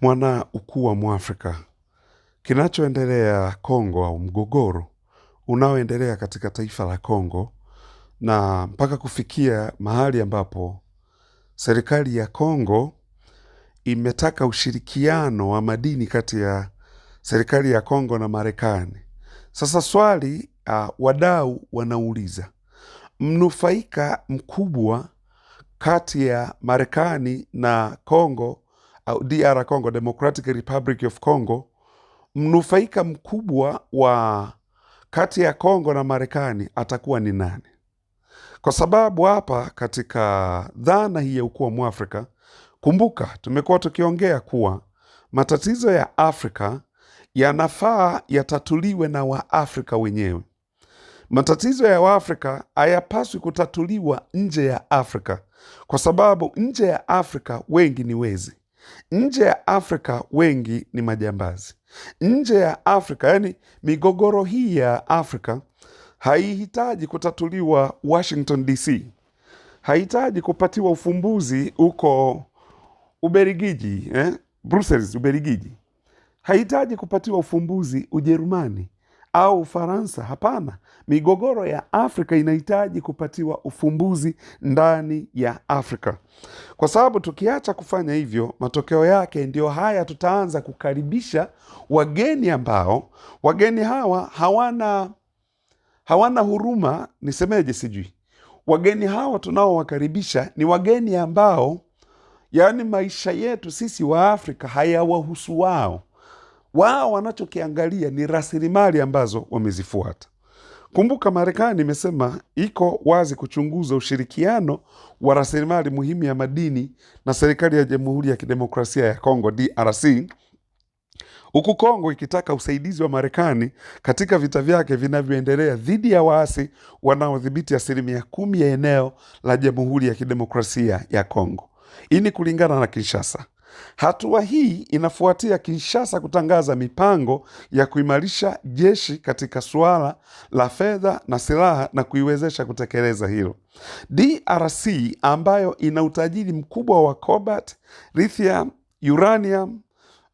mwana ukuu wa Mwafrika. Kinachoendelea Kongo au mgogoro unaoendelea katika taifa la Kongo na mpaka kufikia mahali ambapo serikali ya Kongo imetaka ushirikiano wa madini kati ya serikali ya Kongo na Marekani. Sasa swali uh, wadau wanauliza mnufaika mkubwa kati ya Marekani na Kongo au DR Congo, Democratic Republic of Congo, mnufaika mkubwa wa kati ya Kongo na Marekani atakuwa ni nani? Kwa sababu hapa katika dhana hii ya ukuu wa Afrika, kumbuka tumekuwa tukiongea kuwa matatizo ya Afrika yanafaa yatatuliwe na Waafrika wenyewe. Matatizo ya Waafrika hayapaswi kutatuliwa nje ya Afrika, kwa sababu nje ya Afrika wengi ni wezi. Nje ya Afrika wengi ni majambazi. Nje ya Afrika, yani migogoro hii ya Afrika haihitaji kutatuliwa Washington DC, haihitaji kupatiwa ufumbuzi huko Uberigiji eh? Brussels, Uberigiji, haihitaji kupatiwa ufumbuzi Ujerumani, au Ufaransa. Hapana, migogoro ya Afrika inahitaji kupatiwa ufumbuzi ndani ya Afrika, kwa sababu tukiacha kufanya hivyo, matokeo yake ndio haya, tutaanza kukaribisha wageni ambao wageni hawa hawana hawana huruma, nisemeje? Sijui wageni hawa tunaowakaribisha ni wageni ambao, yaani maisha yetu sisi wa Afrika hayawahusu wao wao wanachokiangalia ni rasilimali ambazo wamezifuata. Kumbuka Marekani imesema iko wazi kuchunguza ushirikiano wa rasilimali muhimu ya madini na serikali ya Jamhuri ya Kidemokrasia ya Kongo DRC, huku Kongo ikitaka usaidizi wa Marekani katika vita vyake vinavyoendelea dhidi ya waasi wanaodhibiti asilimia kumi ya eneo la Jamhuri ya Kidemokrasia ya Kongo. Hii ni kulingana na Kinshasa. Hatua hii inafuatia Kinshasa kutangaza mipango ya kuimarisha jeshi katika suala la fedha na silaha na kuiwezesha kutekeleza hilo. DRC ambayo ina utajiri mkubwa wa cobalt, lithium, uranium,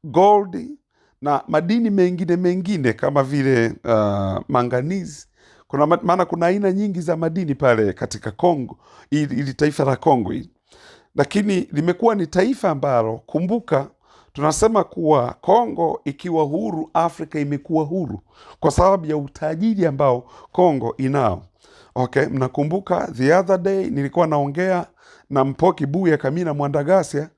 gold na madini mengine mengine kama vile uh, manganizi kuna maana kuna aina nyingi za madini pale katika Kongo, ili taifa la Kongo hili lakini limekuwa ni taifa ambalo, kumbuka, tunasema kuwa Kongo ikiwa huru, Afrika imekuwa huru kwa sababu ya utajiri ambao Kongo inao. Okay, mnakumbuka the other day nilikuwa naongea na Mpoki Buya Kamina Mwandagasia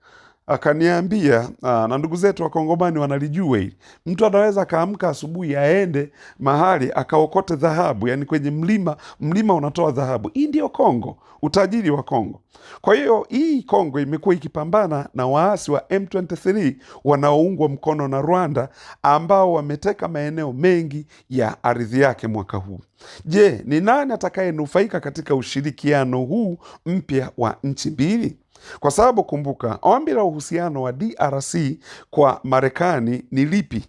akaniambia ah, na ndugu zetu Wakongomani wanalijua hili, mtu anaweza akaamka asubuhi aende mahali akaokote dhahabu, yani kwenye mlima, mlima unatoa dhahabu. Hii ndio Kongo, utajiri wa Kongo. Kwa hiyo hii Kongo imekuwa ikipambana na waasi wa M23 wanaoungwa mkono na Rwanda, ambao wameteka maeneo mengi ya ardhi yake mwaka huu. Je, ni nani atakayenufaika katika ushirikiano huu mpya wa nchi mbili? kwa sababu kumbuka, ombi la uhusiano wa DRC kwa Marekani ni lipi?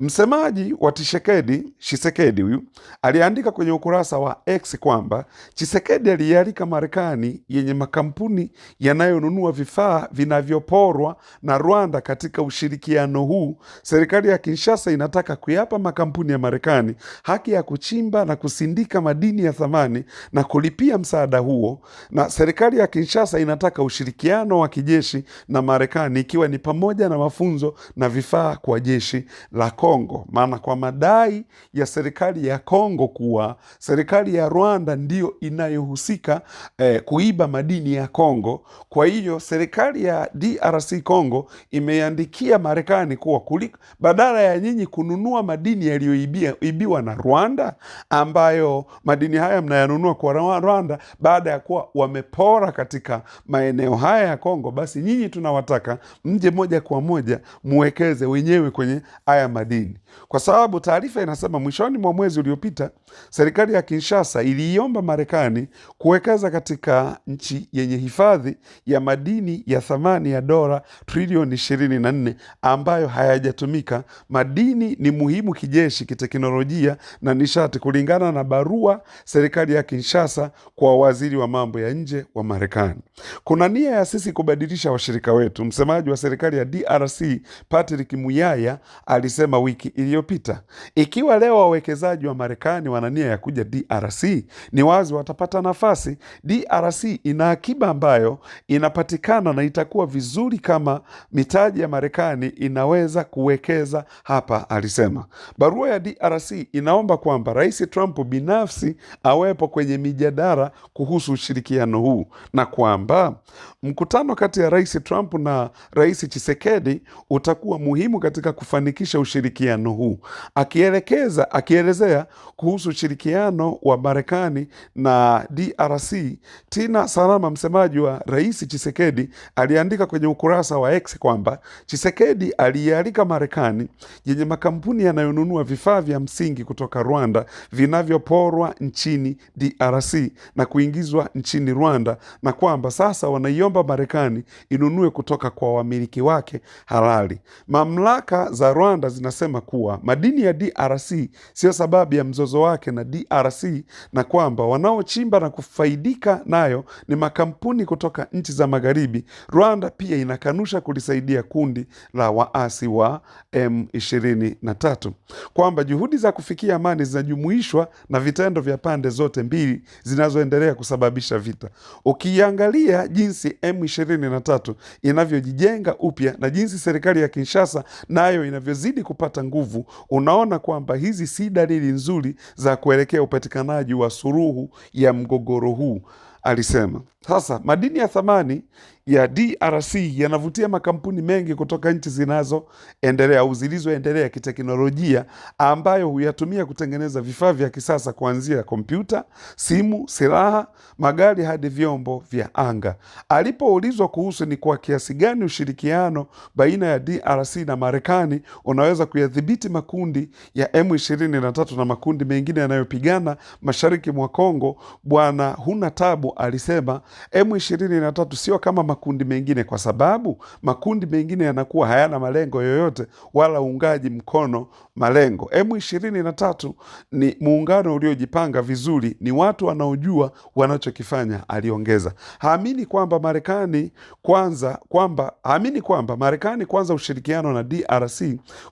Msemaji wa Tishekedi, Shisekedi huyu aliandika kwenye ukurasa wa X kwamba Chisekedi aliyealika Marekani yenye makampuni yanayonunua vifaa vinavyoporwa na Rwanda katika ushirikiano huu. Serikali ya Kinshasa inataka kuyapa makampuni ya Marekani haki ya kuchimba na kusindika madini ya thamani na kulipia msaada huo, na serikali ya Kinshasa inataka ushirikiano wa kijeshi na Marekani, ikiwa ni pamoja na mafunzo na vifaa kwa jeshi la la Kongo, maana kwa madai ya serikali ya Kongo kuwa serikali ya Rwanda ndiyo inayohusika eh, kuiba madini ya Kongo. Kwa hiyo serikali ya DRC Kongo imeandikia Marekani kuwa kuliko, badala ya nyinyi kununua madini yaliyoibiwa na Rwanda, ambayo madini haya mnayanunua kwa Rwanda baada ya kuwa wamepora katika maeneo haya ya Kongo, basi nyinyi tunawataka mje moja kwa moja muwekeze wenyewe kwenye haya ya madini, kwa sababu taarifa inasema mwishoni mwa mwezi uliopita serikali ya Kinshasa iliiomba Marekani kuwekeza katika nchi yenye hifadhi ya madini ya thamani ya dola trilioni 24 ambayo hayajatumika. Madini ni muhimu kijeshi, kiteknolojia na nishati, kulingana na barua serikali ya Kinshasa kwa waziri wa mambo ya nje wa Marekani. Kuna nia ya sisi kubadilisha washirika wetu, msemaji wa serikali ya DRC Patrick Muyaya alisema wiki iliyopita. Ikiwa leo wawekezaji wa Marekani wana nia ya kuja DRC, ni wazi watapata nafasi. DRC ina akiba ambayo inapatikana na itakuwa vizuri kama mitaji ya Marekani inaweza kuwekeza hapa, alisema. Barua ya DRC inaomba kwamba Rais Trump binafsi awepo kwenye mijadala kuhusu ushirikiano huu na kwamba kwamba mkutano kati ya Rais Trump na Rais Chisekedi utakuwa muhimu katika kufanikisha ushirikiano huu, akielekeza akielezea kuhusu ushirikiano wa Marekani na DRC. Tina Salama, msemaji wa Rais Chisekedi, aliandika kwenye ukurasa wa X kwamba Chisekedi aliyealika Marekani yenye makampuni yanayonunua vifaa vya msingi kutoka Rwanda vinavyoporwa nchini DRC na kuingizwa nchini Rwanda na kwamba sasa wanaiomba Marekani inunue kutoka kwa wamiliki wake halali. Mamlaka za Rwanda zinasema kuwa madini ya DRC siyo sababu ya mzozo wake na DRC na kwamba wanaochimba na kufaidika nayo ni makampuni kutoka nchi za magharibi. Rwanda pia inakanusha kulisaidia kundi la waasi wa M23, kwamba juhudi za kufikia amani zinajumuishwa na vitendo vya pande zote mbili zinazoendelea kusababisha vita. Ukiangalia Angalia jinsi M23 inavyojijenga upya na jinsi serikali ya Kinshasa nayo na inavyozidi kupata nguvu, unaona kwamba hizi si dalili nzuri za kuelekea upatikanaji wa suluhu ya mgogoro huu, alisema. Sasa madini ya thamani ya DRC yanavutia makampuni mengi kutoka nchi zinazoendelea au zilizoendelea kiteknolojia ambayo huyatumia kutengeneza vifaa vya kisasa kuanzia kompyuta, simu, silaha, magari hadi vyombo vya anga. Alipoulizwa kuhusu ni kwa kiasi gani ushirikiano baina ya DRC na Marekani unaweza kuyadhibiti makundi ya M23 na makundi mengine yanayopigana mashariki mwa Kongo, Bwana huna tabu alisema emu ishirini na tatu sio kama makundi mengine, kwa sababu makundi mengine yanakuwa hayana malengo yoyote wala uungaji mkono malengo. Emu ishirini na tatu ni muungano uliojipanga vizuri, ni watu wanaojua wanachokifanya, aliongeza. Haamini kwamba Marekani kwanza kwamba haamini kwamba Marekani kwanza ushirikiano na DRC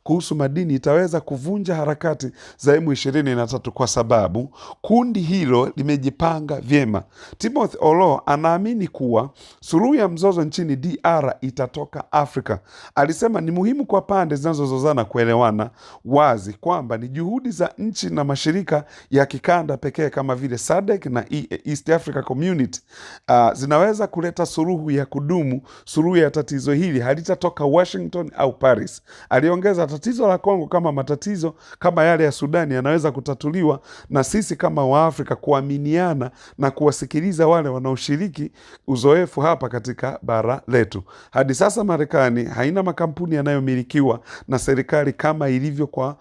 kuhusu madini itaweza kuvunja harakati za emu ishirini na tatu kwa sababu kundi hilo limejipanga vyema. Timothy Olo anaamini kuwa suluhu ya mzozo nchini DR itatoka Afrika. Alisema ni muhimu kwa pande zinazozozana kuelewana wazi kwamba ni juhudi za nchi na mashirika ya kikanda pekee kama vile SADC na e-, East Africa Community uh, zinaweza kuleta suluhu ya kudumu. Suluhu ya tatizo hili halitatoka Washington au Paris. Aliongeza, tatizo la Kongo kama matatizo kama yale ya Sudani yanaweza kutatuliwa na sisi kama Waafrika kuaminiana na kuwasikiliza wale wanaoshiriki kushiriki uzoefu hapa katika bara letu. Hadi sasa Marekani haina makampuni yanayomilikiwa na serikali kama ilivyo kwa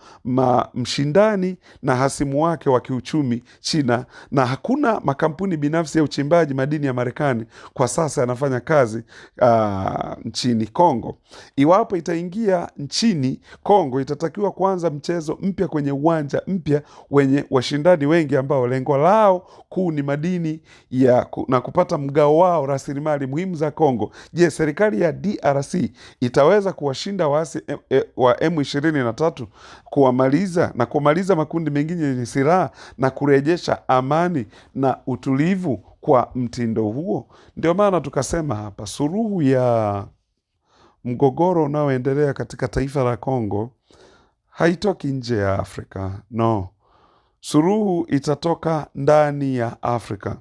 mshindani na hasimu wake wa kiuchumi China, na hakuna makampuni binafsi ya uchimbaji madini ya Marekani kwa sasa yanafanya kazi uh, nchini Kongo. Iwapo itaingia nchini Kongo, itatakiwa kuanza mchezo mpya kwenye uwanja mpya wenye washindani wengi ambao lengo lao kuu ni madini ya na kupata kupata mgao wao rasilimali muhimu za Kongo. Je, serikali ya DRC itaweza kuwashinda waasi eh, eh, wa M23 kuwamaliza na kumaliza makundi mengine yenye silaha na kurejesha amani na utulivu kwa mtindo huo? Ndio maana tukasema hapa suruhu ya mgogoro unaoendelea katika taifa la Kongo haitoki nje ya Afrika. No, suruhu itatoka ndani ya Afrika.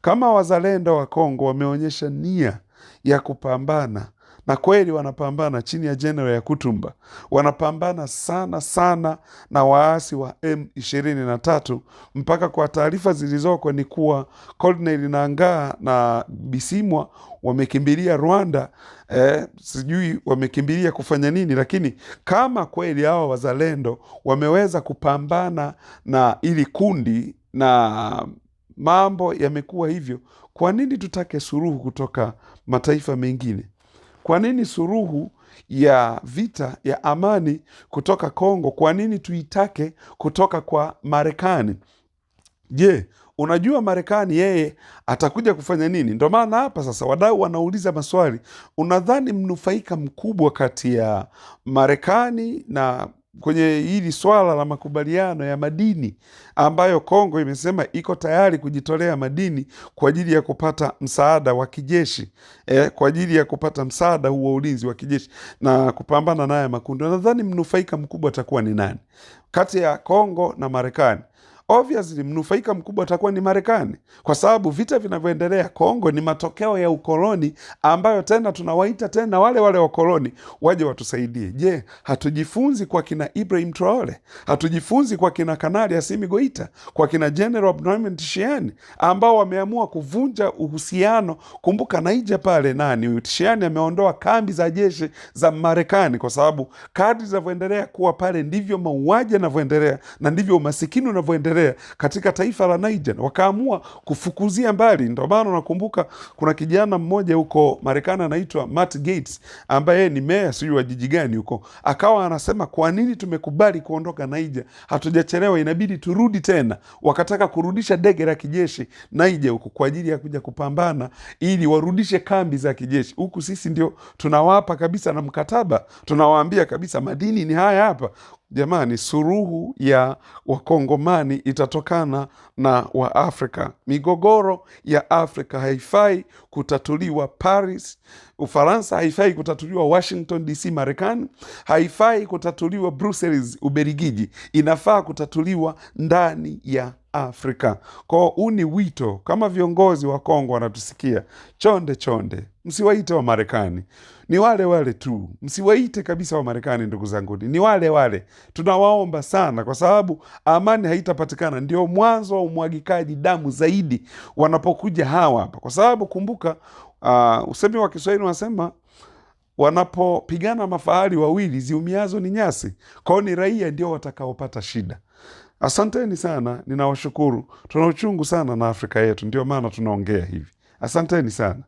Kama wazalendo wa Kongo wameonyesha nia ya kupambana na kweli wanapambana chini ya Jenerali kutumba wanapambana sana sana na waasi wa M23. Mpaka kwa taarifa zilizoko ni kuwa Colonel Nangaa na Bisimwa wamekimbilia Rwanda, eh, sijui wamekimbilia kufanya nini, lakini kama kweli hawa wazalendo wameweza kupambana na ili kundi na mambo yamekuwa hivyo, kwa nini tutake suruhu kutoka mataifa mengine? Kwa nini suruhu ya vita ya amani kutoka Kongo, kwa nini tuitake kutoka kwa Marekani? Je, unajua Marekani yeye atakuja kufanya nini? Ndo maana hapa sasa wadau wanauliza maswali. Unadhani mnufaika mkubwa kati ya Marekani na kwenye hili swala la makubaliano ya madini ambayo Kongo imesema iko tayari kujitolea madini kwa ajili ya kupata msaada wa kijeshi eh, kwa ajili ya kupata msaada huo ulinzi wa kijeshi na kupambana naye makundi. Nadhani mnufaika mkubwa atakuwa ni nani kati ya Kongo na Marekani? obviously mnufaika mkubwa atakuwa ni Marekani, kwa sababu vita vinavyoendelea Kongo ni matokeo ya ukoloni, ambayo tena tunawaita tena wale wale wakoloni waje watusaidie. Je, hatujifunzi kwa kina Ibrahim Traore? Hatujifunzi kwa kina Kanali Asimi Goita, kwa kina General Abdurahman Tshian ambao wameamua kuvunja uhusiano. Kumbuka Naija pale, nani Tshian ameondoa kambi za jeshi za Marekani kwa sababu kadri zinavyoendelea kuwa pale ndivyo mauaji yanavyoendelea na ndivyo umasikini unavyoendelea yanaendelea katika taifa la Niger, wakaamua kufukuzia mbali. Ndio maana nakumbuka kuna kijana mmoja huko Marekani anaitwa Matt Gates ambaye ni meya sijui wa jiji gani huko, akawa anasema kwa nini tumekubali kuondoka Niger? Hatujachelewa, inabidi turudi tena. Wakataka kurudisha dege la kijeshi Niger huko kwa ajili ya kuja kupambana ili warudishe kambi za kijeshi huku, sisi ndio tunawapa kabisa na mkataba, tunawaambia kabisa madini ni haya hapa Jamani, suruhu ya wakongomani itatokana na Waafrika. Migogoro ya Afrika haifai kutatuliwa Paris, Ufaransa, haifai kutatuliwa Washington DC, Marekani, haifai kutatuliwa Brussels, Ubelgiji. Inafaa kutatuliwa ndani ya Afrika. Kwao huu ni wito, kama viongozi wa Kongo wanatusikia, chonde chonde, msiwaite wa Marekani ni wale wale tu, msiwaite kabisa wa Marekani. Ndugu zangu, ni wale wale, tunawaomba sana, kwa sababu amani haitapatikana. Ndio mwanzo wa umwagikaji damu zaidi wanapokuja hawa hapa, kwa sababu kumbuka, uh, usemi wa Kiswahili wanasema wanapopigana mafahali wawili ziumiazo ni nyasi. Kwao ni raia ndio watakaopata shida. Asanteni sana, ninawashukuru. Tuna uchungu sana na Afrika yetu, ndio maana tunaongea hivi. Asanteni sana.